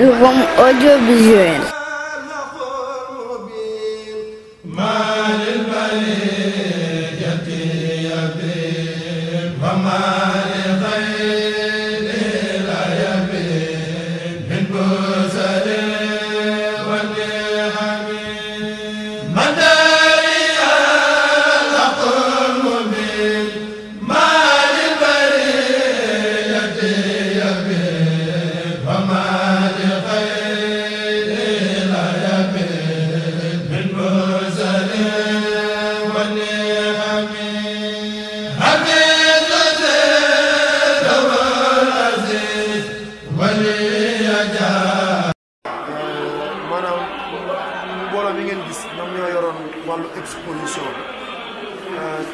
Vamos de objeto.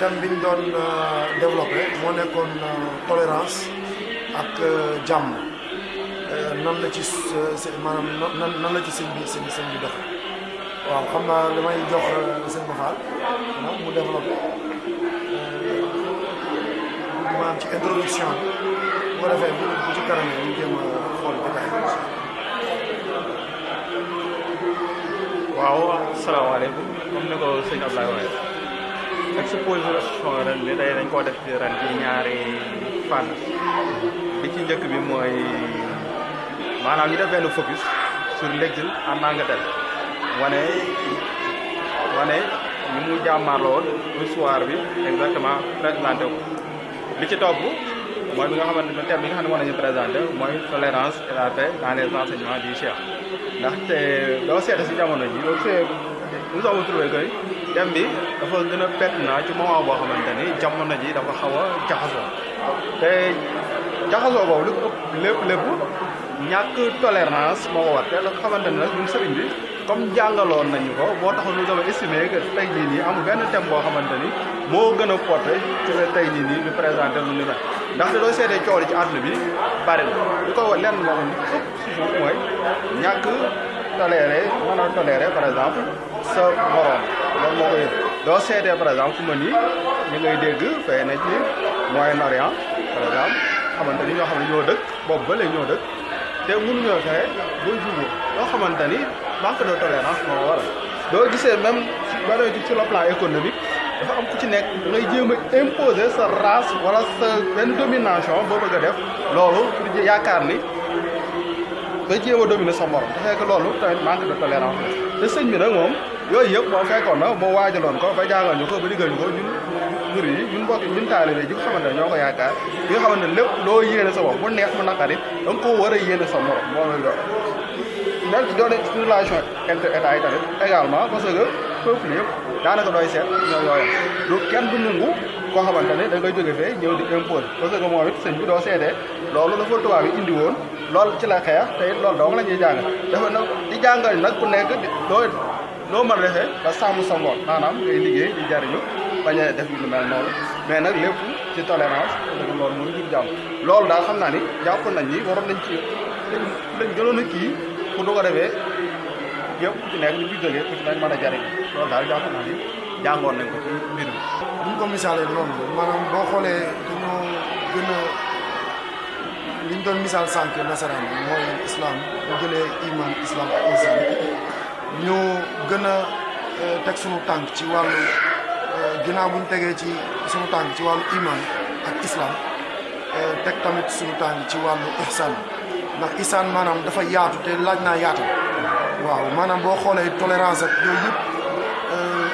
thème bi ñu doon euh, développé moo nekkoon euh, tolérance ak euh, jàmm nan la ci maanaam nan nan la ci sëñ bi sëñ sëñ bi doxe waaw xam naa damay jox sëñ Mafal maanaam mu développé maanaam ci introduction bi bu ko defee bu ci kanam ñu jéem a xool détail waaw asalaamaaleykum comme ni ko sëñ Ablaye waxee exposition ren bi day dañ koo def ci ren bi ñaari fànn bi ci njëkk bi mooy maanaam ñu def benn focus sur l'exil en Angleterre wane wane ñu mu jàmmarloo histoire bi exactement présenté ko li ci topp mooy bi nga xamante ne thème bi nga xam ne moom la ñu présenté mooy tolérance et la paix dans les enseignements du Cheikh ndaxte doo seete si jamono ji doo seet nous avons trouvé que thème bi dafa gën a pertinent ci moment boo xamante ni jamono ji dafa xaw a jaxasoo te jaxasoo boobu lu lépp lépp ñàkk tolérance moo ko war te la xamante nag ñun sëriñ bi comme jàngaloon nañu ko boo tax nous avons estimé que tey jii am amul benn thème boo xamante ni moo gën a porté ci la tey jii nii ñu présenté lu ñu mel ndaxte doo seetee coow li ci àdduna bi bari na li ko lenn moo xam ne ëpp mooy ñàkk toléré mën a toléré par exemple sa morom loolu doo seetee par exemple fu ma nii ñu ngay dégg fay na ci Moyen-Orient par exemple xamante ni ñoo xam ne ñoo dëkk boobu ba léegi ñoo dëkk te mënuñoo xamante ni manque de tolérance moo doo gisee même ba doy ci le plan économique dafa am ku ci nekk ngay jéem a imposer sa race wala sa benn domination boo bëgg a def loolu pour yaakaar ni thế thế mình mình cái lúc bán được nào, ngóng, day jéem a dominer sa morom te fekk loolu tamit manque de tolérance la te sëñ bi nag moom yooyu yëpp boo fekkoon na moo waajaloon ko ba jàngal ñu ko ba diggal ñu ko ñun mur yi ñun mbokk ñun taalibe ji nga xamante ne ñoo ko yaakaar yi nga xamante ne lépp loo yéene sa bopp bu neex mu naqari da nga koo war a yéene sa morom moo lay doon même ci doone ci relation inter état yi tamit également parce que peuple yëpp daanaka doy seet ñoo yooya du kenn du nangu koo xamante ne da ngay nhiều điểm ñëw có imposer có que moom it đó bi đấy, seetee loolu la fa tubaab yi indi woon lool ci la xeex te it loolu dong la ñuy jàng dafa nag di jàngal nag ku nekk doo loo mën a ba sàmm sa ngoon maanaam ngay liggéey di jariñu bañ a def lu mel noonu mais nag lépp ci tolérance dëgg lool mënu jur jàmm loolu daal xam naa ni jàpp nañ ni waroon nañ ci lañ gënoon a kii pour ko defee ku ci nekk ñu ngi jógee ku ci nekk mën a jariñ loolu daal jàpp naa ni jàngoon nañ ko ci mbir mi. bu ñu ko misaalee li ñu doon misaal sànq nasaraan bi mooy islam bu jëlee iman islam ak islam ñu gën a euh, teg sunu tànk ci wàllu euh, ginnaaw bu ñu tegee ci sunu tànk ci wàllu iman ak islam euh, teg tamit sunu tànk ci wàllu ihsan ndax ihsan maanaam dafa yaatu te laaj naa yaatu waaw maanaam boo xoolee tolérance ak yooyu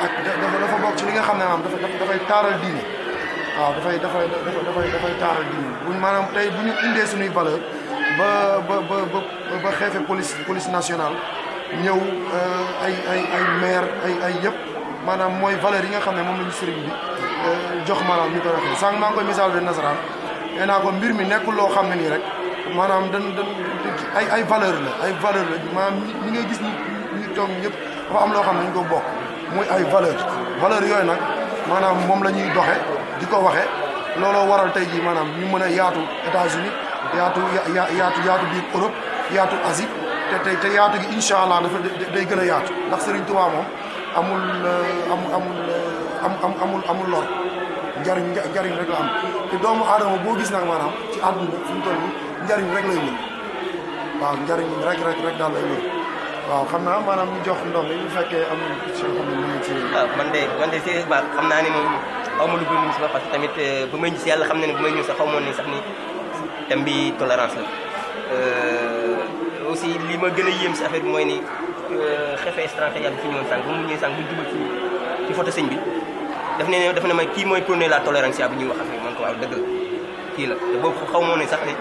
yëpp dafa bokk ci li nga xam ne maanaam dafay taaral diine waaw dafay dafay dafay dafay taaral diine buñ maanaam tey bu ñu indee suñuy valeur ba ba ba ba xeefe police police nationale ñëw euh, ay ay ay maire ay ay yëpp maanaam mooy valeur yi nga xam ne moom lañu sëriñ euh, jox maanaam ñu koy waxee sànq maa ngi nasaraan nee naa ko mbir mi nekkul loo xam ne nii rek maanaam dan dan ay ay valeur la ay valeur la maanaam ñi ngay gis ñu toog ñëpp dafa am loo xam ne dañu ko bokk muy ay valeur valeur yooyu nag maanaam moom la ñuy doxe di ko waxee looloo waral tey jii maanaam ñu mën yaatu États-Unis yaatu yaatu yaatu biir Europe yaatu asi te te yaatu gi incha allah dafa day gën a yaatu ndax Serigne Touba moom amul euh, amul amul euh, amul amul lor njariñ njariñ rek la am te doomu aadama boo gis nag maanaam ci àdduna fi nii rek lay wër waaw njariñ rek rek rek daal lay wër waaw xam naa maanaam ñu jox ndox mi bu fekkee am na ci xam ne ñu waaw ah, man de man de Serigne Ba naa xaw ma lu bëri si wax parce que tamit bu may gis yàlla xam na ne bu may ñëw sax xaw moon ne sax ni thème bi tolérance la aussi li ma gën a yéem si affaire bi mooy ni xefe étranger bi fi ñëwoon sànq ba mu ñëwee sànq bu jubal ci ci photo sëñ bi daf ne daf ne ma kii mooy prôné la tolérance bi ñuy wax affaire man ko waaw dëgg la la te boobu xaw moo sax ne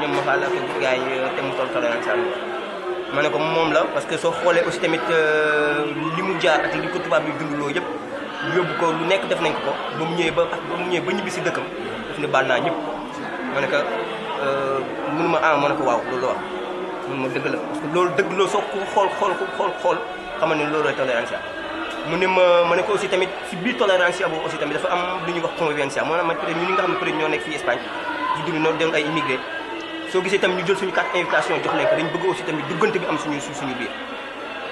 ñoom ma faala ko gars te mu toll tolérance ma ne ko moom la parce que soo xoolee aussi tamit li mu jaar ak li ko tubaab bi dundloo yëpp yóbbu ko lu nekk def nañ ko ko ba mu ñëwee ba ba mu ñëwee ba ñibbi si dëkkam daf ne baal naa ñëpp ma ne ko euh, mënu ma ah ma ne ko waaw loolu wax mënu ma dëgg la parce que loolu dëgg loolu soo ko xool xool xool xool xamal ne loolu tolérance mu ne ma ma ne ko aussi tamit si biir tolérance boobu aussi tamit dafa am lu ñuy wax convivencia maanaam man peut être ñun ñi nga xam ne peut être ñoo nekk fii Espagne di dund noonu doon ay immigré soo gisee tamit ñu jël suñu carte invitation jox leen ko dañ bëgg aussi tamit duggante bi am suñu suñu biir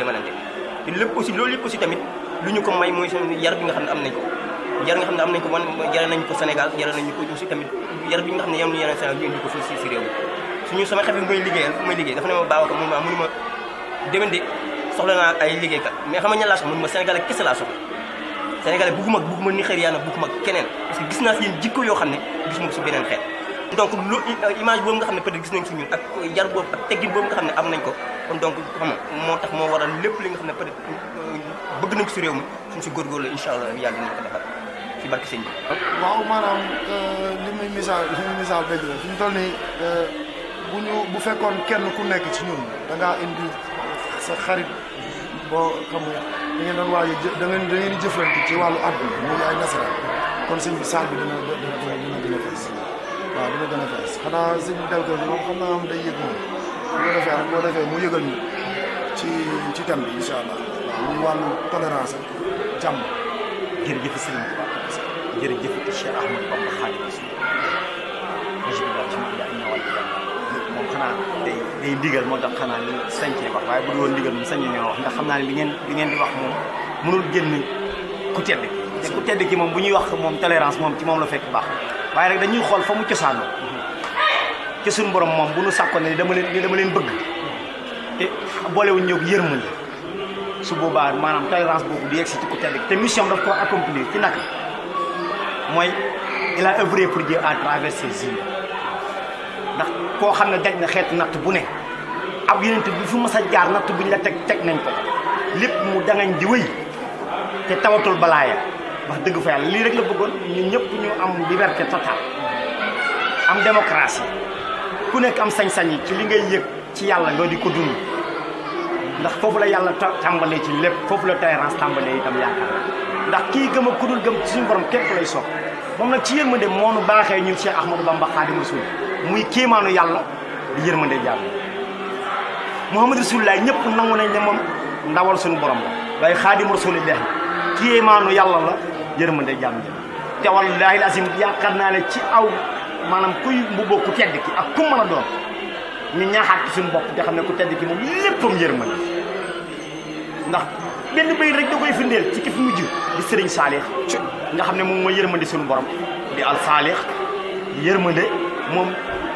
demalante te lépp aussi loolu lépp aussi tamit lu ñu ko may mooy seen yar bi nga xam ne am na ko xam ne am nañ ko wan yar nañ ko Sénégal yar nañu ko aussi tamit yar bi nga xam ne yam nañu yar Sénégal ñu indi ko fii si si réew mi suñu sama xef bi may liggéeyal fu may liggéey dafa ne ma baaw ko mun ma munu ma demen de soxla naa ay liggéeykat mais xam nga laa soxla munu ma Sénégal kese laa soxla Sénégal bugguma bugguma ni xeer bugguma keneen parce que gis naa si jikko yoo xam ne gis ma si beneen xeet donc lu euh, image boobu nga xam ne peut gis nañ ci ñun ak yar boobu ak teggin xam ne am nañ ko kon donc moo tax moo waral lépp li nga xam ne peut-être euh, bëgg nañ ko si réew mi suñ si góorgóorlu incha allah yàlla dinañ ko defal ci barke sëñ bi. waaw maanaam euh, li ñu toll nii bu bu fekkoon kenn ku nekk ci ñun da indi sa xarit boo xam ne da ngeen doon waaj a da ngeen da ngeen di ci wàllu àdduna ay nasaraan kon sëñ bi saal bi dina dina dina fees. waaw dina gën a fees am day yëg moom boo defee mu yëgal ñu ci ci thème bi incha allah waaw muy wàllu tolérance ak jàmm. jërëjëf Serigne Touba jërëjëf Cheikh Ahmadou moom xanaa day day moo tax xanaa ñu sañ cee wax waaye bu dul woon ndigal moom sañ ñoo wax ndax xam naa ne bi ngeen bi ngeen di wax moom mënul génn ku tedd ki te ku tedd ki moom bu ñuy wax moom tolérance moom ci moom la fekk baax waaye rek dañuy xool fa mu cosaanoo ci suñu borom moom bu nu sàkkoon ne dama leen dama leen bëgg te boolewuñ ñëw yërmande su boobaa maanaam tolérance boobu di yegsi ci ku tedd te mission daf ko accomplir ci naka mooy il a œuvré pour Dieu à travers ses îles ndax koo xam ne na xeet natt bu ne ab yenent bi fu mas a jaar natt buñ la teg teg nañ ko lépp mu dangañ di wëy te tawatul balaaya wax dëgg fa yàlla lii rek la bëggoon ñu ñëpp ñu am liberté totale am démocratie ku nekk am sañ-sañ yi ci li ngay yëg ci yàlla nga di ko dund ndax foofu la yàlla tàmbalee ci lépp foofu la tolérance tàmbalee itam yaakaar ndax kii gëm ak ku dul gëm ci suñu borom képp lay soog moom nag ci yërmande moo nu baaxee ñun Cheikh Ahmadou Bamba Khadim Rasoul muy kéemaanu yàlla di yërmande jàll Muhammad Rasulullah ñëpp nangu nañ ne moom ndawal suñu borom la waaye Khadim Rasulillah kéemaanu yàlla la yërmande jàmm ja te wallaahi al asim yaakaar naa ne ci aw maanaam kuy mbubboo ku tedd ki ak ku mën a doon ñu ñaaxaat ci suñu bopp te xam ne ku tedd ki moom léppam yërmande ndax benn bay rek da koy firndeel ci ki fi di sëriñ saalix nga xam ne moom mooy yërmande suñu borom di al saalix yërmande moom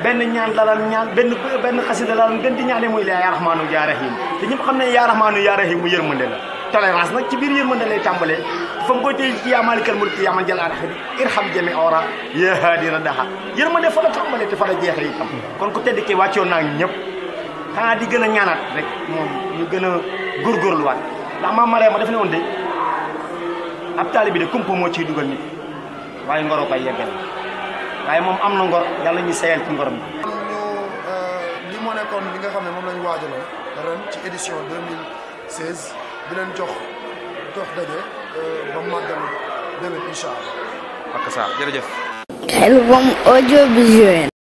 benn ñaan lalan ñaan benn benn xasida lalan gën di ñaane muy la yaa rahmaanu yaa rahim te ñëpp xam ne yaa rahmaanu yaa rahim mu yërmande la tolérance nag ci biir yërmande lay tàmbalee fangoyte ya malikal mulki ya man jal arhadi irham jami ora ya hadira daha yermande fa la tambale te fa la jeexi tam kon ku tedd ki waccio na ñep xana di gëna ñaanat rek mom ñu gëna gor gor lu wat ndax ma mare ma def ne won de ab talibi de kumpu mo eh, ci dugal nit waye ngoro koy yegal waye mom amna ngor yalla ñu seyal ci ngorom li mo nekkon li nga xamne mom lañu wajalo ren ci édition 2016 di len jox dox dajé ba màggal déwén incha allah. ak saa jërëjëf. El Vom Audiovisuel.